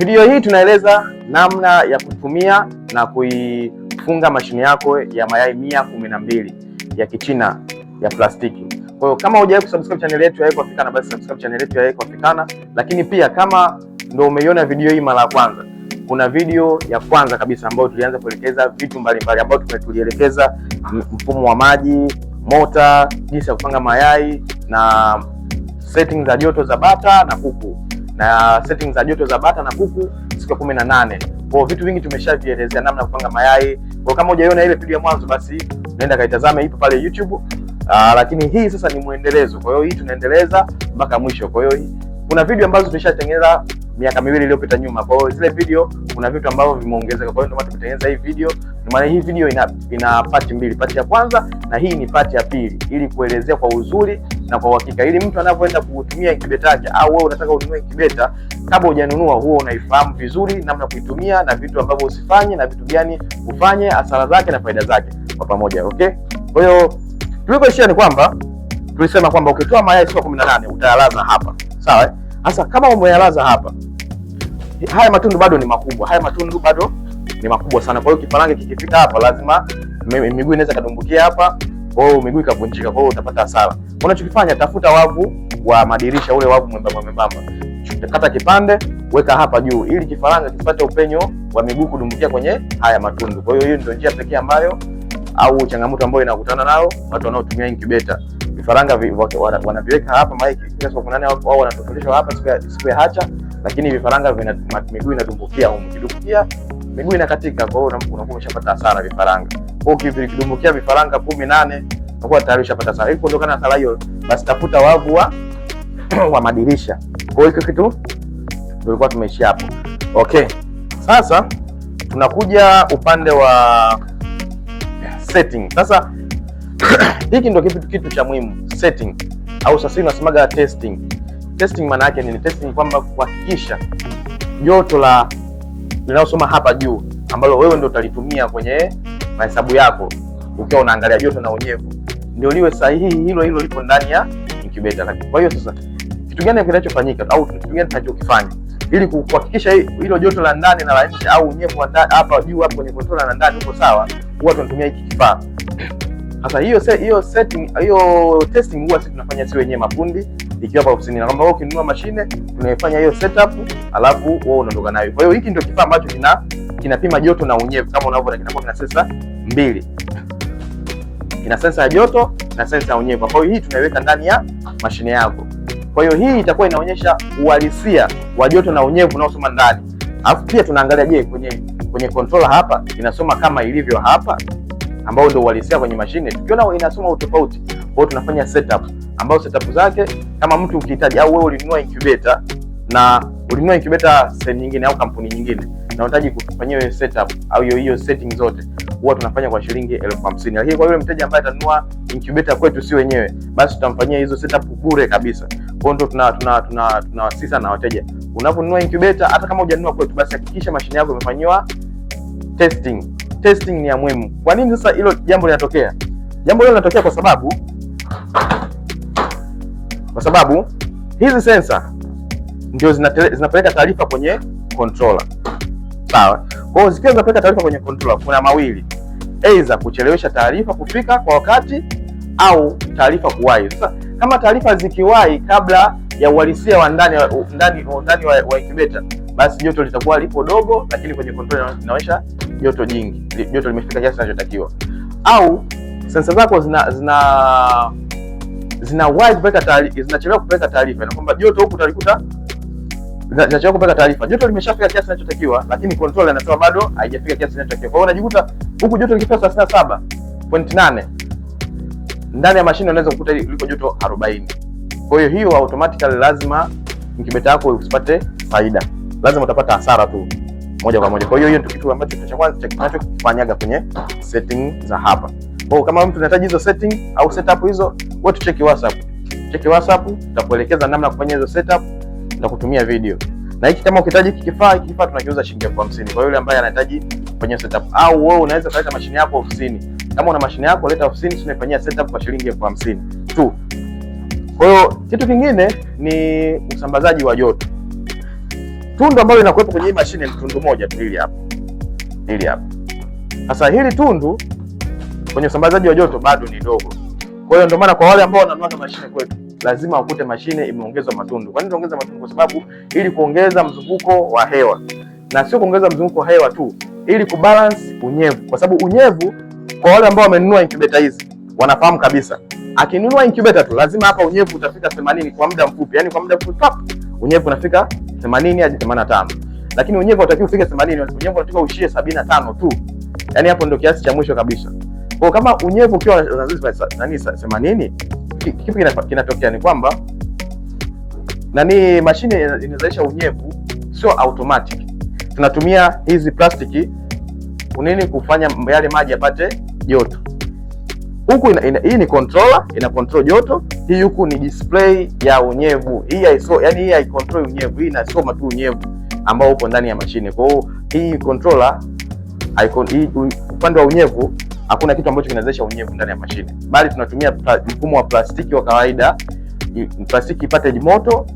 Video hii tunaeleza namna ya kutumia na kuifunga mashine yako ya mayai mia kumi na mbili ya kichina ya plastiki. Kwa hiyo kama hujawahi kusubscribe channel yetu ya Eko Africana, basi subscribe channel yetu ya Eko lakini pia kama ndio umeiona video hii mara ya kwanza, kuna video ya kwanza kabisa ambayo tulianza kuelekeza vitu mbalimbali ambayo tulielekeza mfumo wa maji, mota, jinsi ya kupanga mayai na setting za joto za bata na kuku na settings za joto za bata na kuku siku ya kumi na nane. Kwa vitu vingi tumeshavielezea namna kupanga mayai. Kwa kama hujaiona ile video ya mwanzo, basi nenda kaitazame, ipo pale YouTube. Aa, ah, lakini hii sasa ni mwendelezo, kwa hiyo hii tunaendeleza mpaka mwisho. Kwa hiyo kuna video ambazo tumeshatengeneza miaka miwili iliyopita nyuma. Kwa hiyo zile video kuna vitu ambavyo vimeongezeka, kwa hiyo ndio maana tumetengeneza hii video. Ndio maana hii video ina, ina pati mbili, pati ya kwanza na hii ni pati ya pili, ili kuelezea kwa uzuri na kwa uhakika, ili mtu anapoenda kutumia incubator yake au wewe unataka ununue incubator, kabla hujanunua huo unaifahamu vizuri namna kuitumia na vitu ambavyo usifanye na vitu gani ufanye, hasara zake na faida zake kwa pamoja, okay. Kwa hiyo tulipoishia ni kwamba tulisema kwamba ukitoa mayai sio 18 utayalaza hapa, sawa. Sasa kama umeyalaza hapa, haya matundu bado ni makubwa, haya matundu bado ni makubwa sana. Kwa hiyo kifaranga kikifika hapa, lazima miguu inaweza kadumbukia hapa, kwa hiyo miguu ikavunjika, kwa hiyo utapata hasara. Unachokifanya, tafuta wavu wa madirisha, ule wavu mwembamba mwembamba, kata kipande, weka hapa juu, ili kifaranga kipate upenyo wa miguu kudumbukia kwenye haya matundu. Kwa hiyo hiyo ndio njia pekee ambayo au changamoto ambayo inakutana nao watu wanaotumia incubator. Vifaranga wanaviweka hapa maiki kila siku nane au wanatokeleshwa hapa siku ya siku ya hacha, lakini vifaranga vina miguu inadumbukia huko, kidumbukia miguu inakatika, kwa hiyo unakuwa umeshapata hasara vifaranga. Kwa hiyo ukidumbukia vifaranga 18 utakuwa tayari ushapata sala. Ili kuondokana na sala hiyo, basi tafuta wavu wa wa madirisha. Kwa hiyo kitu tulikuwa tumeishia hapo. Okay, sasa tunakuja upande wa setting. Sasa hiki ndio kitu kitu cha muhimu setting, au sasa unasemaga testing. Testing maana yake nini? Testing kwamba kuhakikisha joto la linalosoma hapa juu ambalo wewe ndio utalitumia kwenye mahesabu yako ukiwa unaangalia joto na unyevu ndio liwe sahihi hilo hilo liko ndani ya incubator lakini. Kwa hiyo sasa kitu gani kinachofanyika au kitu gani tunachokifanya ili kuhakikisha hilo joto la ndani na la nje au unyevu hapa juu hapo kwenye kontrola na ndani uko sawa, huwa tunatumia hiki kifaa. Sasa hiyo se, hiyo setting hiyo testing huwa sisi tunafanya sisi wenyewe mafundi, ikiwa hapa ofisini, na kama wewe ukinunua mashine tunaifanya hiyo setup, alafu wewe unaondoka nayo. Kwa hiyo hiki ndio kifaa ambacho kina kinapima joto na unyevu kama unavyoona, kinakuwa kina sensa mbili ina sensa ya joto na sensa ya unyevu ambayo hii tunaiweka ndani ya mashine yako. Kwa hiyo hii itakuwa inaonyesha uhalisia wa joto na unyevu unaosoma ndani. Alafu pia tunaangalia je, kwenye kwenye controller hapa inasoma kama ilivyo hapa, ambao ndio uhalisia kwenye mashine. Tukiona inasoma utofauti, kwa hiyo tunafanya setup, ambao setup zake kama mtu ukihitaji, au wewe ulinunua incubator na ulinunua incubator sehemu nyingine au kampuni nyingine na unahitaji kufanyia hiyo setup au hiyo hiyo setting zote huwa tunafanya kwa shilingi elfu hamsini lakini kwa yule mteja ambaye atanunua incubator kwetu si wenyewe, basi tutamfanyia hizo setup bure kabisa. Kwa hiyo tuna tuna tuna tunawasisa na wateja, unaponunua incubator, hata kama hujanunua kwetu, basi hakikisha mashine yako imefanyiwa testing. Testing ni ya muhimu. Kwa nini sasa hilo jambo linatokea? Jambo hilo linatokea kwa sababu kwa sababu hizi sensa ndio zinapeleka taarifa kwenye controller. Sawa. Kwa hiyo zikiwa zinapeleka taarifa kwenye controller kuna mawili. Aidha kuchelewesha taarifa kufika kwa wakati au taarifa kuwahi. Sasa kama taarifa zikiwahi kabla ya uhalisia wa ndani ndani ndani wa, wa incubator, basi joto litakuwa lipo dogo, lakini kwenye controller inaonyesha joto jingi, joto limefika kiasi kinachotakiwa. Au sensa zako zina zina zina kupeleka taarifa, zinachelewa kupeleka taarifa, na kwamba joto huku utalikuta zinachelewa kupata taarifa. Joto limeshafika kiasi kinachotakiwa, lakini controller inasema bado haijafika kiasi kinachotakiwa. Kwa hiyo unajikuta huku joto likifika nane ndani ya mashine unaweza kukuta liko joto 40. Kwa hiyo hiyo automatically lazima mkibeta yako usipate faida, lazima utapata hasara tu moja kwa moja. Kwa hiyo hiyo ndio kitu ambacho cha kwanza tunachokifanyaga kwenye setting za hapa. Kwa hiyo kama mtu unahitaji hizo setting au setup hizo, wewe tu cheki WhatsApp, cheki WhatsApp, tutakuelekeza namna kufanya hizo setup na kutumia video. Na hiki kama ukihitaji kifaa hiki kifaa tunakiuza shilingi elfu hamsini kwa yule ambaye anahitaji kufanyia setup, au wewe unaweza kuleta mashine yako ofisini. Kama una mashine yako leta ofisini, tunafanyia setup kwa shilingi elfu hamsini tu. Kwa hiyo kitu kingine ni usambazaji wa joto. Tundu ambayo inakuwepo kwenye hii mashine ni tundu moja tu, hili hapa, hili hapa. Sasa hili tundu kwenye usambazaji wa joto bado ni dogo, kwa hiyo ndio maana kwa wale ambao wananua mashine kwetu lazima ukute mashine imeongezwa matundu. Kwa nini tunaongeza matundu? Kwa sababu ili kuongeza mzunguko wa hewa, na sio kuongeza mzunguko wa hewa tu, ili kubalance unyevu, kwa sababu unyevu, kwa wale ambao wamenunua incubator hizi wanafahamu kabisa, akinunua incubator tu lazima hapa unyevu utafika 80 kwa muda mfupi, yani kwa muda mfupi unyevu unafika 80 hadi 85, lakini unyevu unatakiwa ufike 80, unyevu unatakiwa ushie 75 tu, yani hapo ndio kiasi cha mwisho kabisa. Kwa kama unyevu ukiwa nani 80 kipi kinatokea? Ni kwamba nani mashine inazalisha unyevu, sio automatic. Tunatumia hizi plastiki unini kufanya yale maji yapate joto huku hii ni controller ina control joto. Hii huku ni display ya unyevu hii iso, yani hii haicontrol unyevu, hii inasoma tu unyevu ambao uko ndani ya mashine. Kwa hiyo hii controller upande wa unyevu hakuna kitu ambacho kinawezesha unyevu ndani ya mashine, bali tunatumia mfumo wa plastiki wa kawaida. Plastiki ipate moto,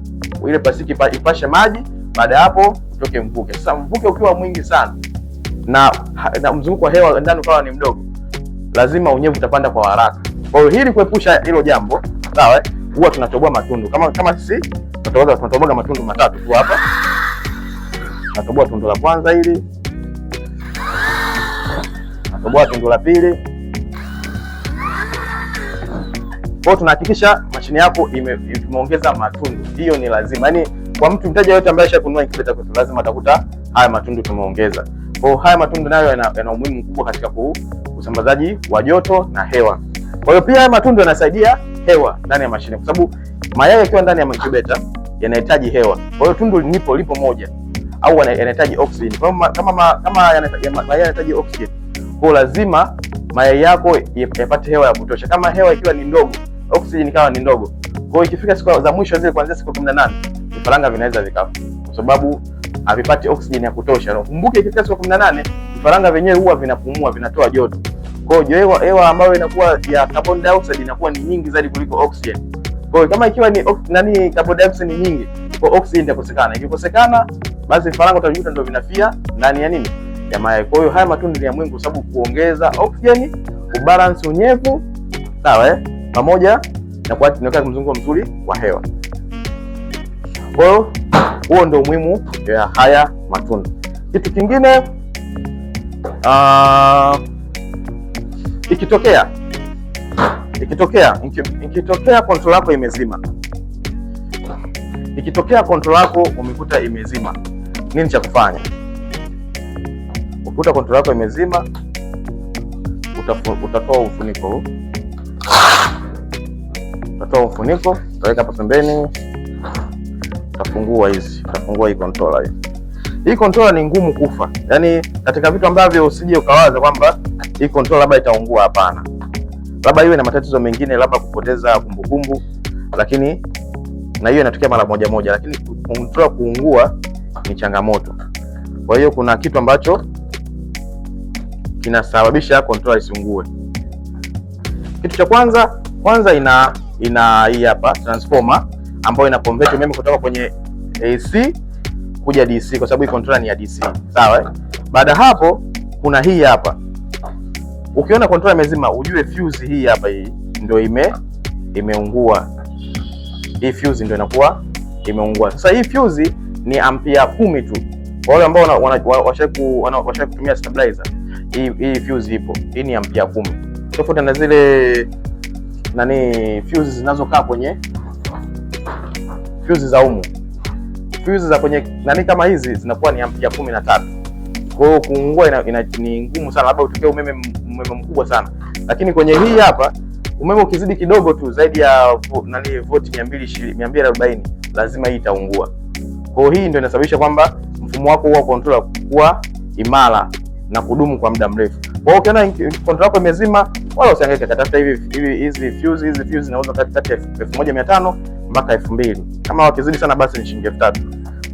ile plastiki ipashe maji, baada ya hapo utoke mvuke. Sasa mvuke ukiwa mwingi sana na, na mzunguko wa hewa ndani ukawa ni mdogo, lazima unyevu utapanda kwa haraka. Kwa hiyo hili kuepusha hilo jambo, sawa, huwa tunatoboa matundu kama kama sisi tunatoboa matundu matatu tu hapa. Natoboa tundu la kwanza hili toboa tundu la pili. Kwa tunahakikisha mashine yako tumeongeza matundu, hiyo ni lazima. Yaani kwa mtu mteja yote ambaye ashakunua incubator kwetu lazima atakuta haya matundu tumeongeza. Kwa hiyo haya matundu nayo yana umuhimu mkubwa katika usambazaji wa joto na hewa. Kwa hiyo pia haya matundu yanasaidia hewa ndani ya mashine, kwa sababu mayai yakiwa ndani ya incubator yanahitaji hewa. Kwa hiyo tundu lipo lipo moja au yanahitaji oxygen. Kwa hiyo kama kama yanahitaji oxygen kwa lazima mayai yako yapate hewa ya kutosha. Kama hewa ikiwa ni ndogo, oxygen ikawa ni ndogo, kwa hiyo ikifika siku za mwisho zile, kuanzia siku 18 vifaranga vinaweza vikafa, kwa sababu havipati oxygen ya kutosha. Na kumbuke, ikifika siku 18 vifaranga vyenyewe huwa vinapumua, vinatoa joto. Kwa hiyo hewa hewa ambayo inakuwa ya carbon dioxide inakuwa ni nyingi zaidi kuliko oxygen. Kwa hiyo kama ikiwa ni nani, carbon dioxide ni nyingi, kwa oxygen itakosekana. Ikikosekana, basi vifaranga utajuta ndio vinafia ndani ya nini ya mayai. Kwa hiyo haya matunda ni ya muhimu kwa sababu kuongeza oksijeni, kubalance unyevu, sawa eh, pamoja na kwa tunaweka mzunguko mzuri wa hewa. Kwa hiyo huo ndio umuhimu ya haya matunda. Kitu kingine uh, ikitokea ikitokea ikitokea control yako imezima, ikitokea control yako umekuta imezima, nini cha kufanya? Ukuta kontrola yako imezima, utatoa ufuniko huu, utatoa ufuniko, utaweka hapa pembeni, utafungua hizi, utafungua hii kontrola hii. Hii kontrola ni ngumu kufa, yaani katika vitu ambavyo usije ukawaza kwamba hii kontrola labda itaungua. Hapana, labda iwe na matatizo mengine, labda kupoteza kumbukumbu, lakini na hiyo inatokea mara moja moja, lakini kontrola kuungua ni changamoto. Kwa hiyo kuna kitu ambacho inasababisha controller isungue. Kitu cha kwanza kwanza, ina ina hii hapa transformer ambayo ina convert umeme kutoka kwenye AC kuja DC, kwa sababu hii controller ni ya DC, sawa. Baada hapo kuna hii hapa, ukiona controller imezima ujue fuse hii hapa, hii ndio ime imeungua. Hii fuse ndio inakuwa imeungua. Sasa hii fuse ni ampia kumi tu, kwa wale ambao kutumia stabilizer hii fuse ipo, hii ni ampia kumi, tofauti na zile nani fuse zinazokaa kwenye fuse za umu. Fuse za kwenye nani kama hizi zinakuwa ni ampia kumi na tatu. Kwa hiyo kuungua ina, ina, ni ngumu sana, labda utokee umeme umeme mkubwa sana, lakini kwenye hii hapa umeme ukizidi kidogo tu zaidi ya nani volt 220 240 lazima hii itaungua. Kwa hiyo hii ndio inasababisha kwamba mfumo wako huwa controller kuwa imara na kudumu kwa muda mrefu. Kwa hiyo ukiona kontra yako imezima, wala usihangaike, katafuta hivi hivi hizi fuse, hizi fuse zinauzwa kati kati ya 1500 mpaka 2000. Kama wakizidi sana, basi ni shilingi 3000.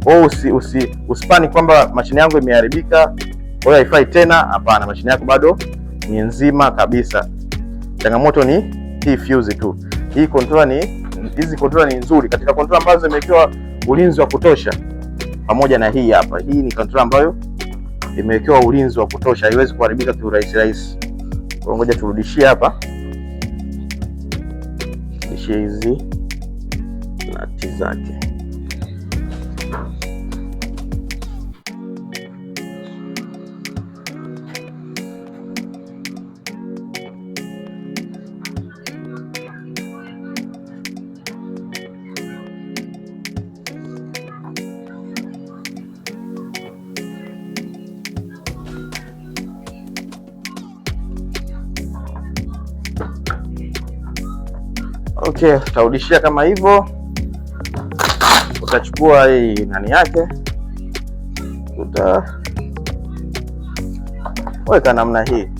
Kwa hiyo usi, usi, usipani kwamba mashine yangu imeharibika, kwa hiyo haifai tena. Hapana, mashine yako bado ni nzima kabisa. Changamoto ni hii fuse tu. Hii controller ni hizi controller ni nzuri katika controller ambazo zimewekewa ulinzi wa kutosha, pamoja na hii hapa. Hii ni controller ambayo imewekewa ulinzi wa kutosha, haiwezi kuharibika kiurahisi rahisi. Kwa ngoja turudishie hapa, turudishie hizi nati zake. Okay, utarudishia kama hivyo, utachukua hii nani yake, utaweka namna hii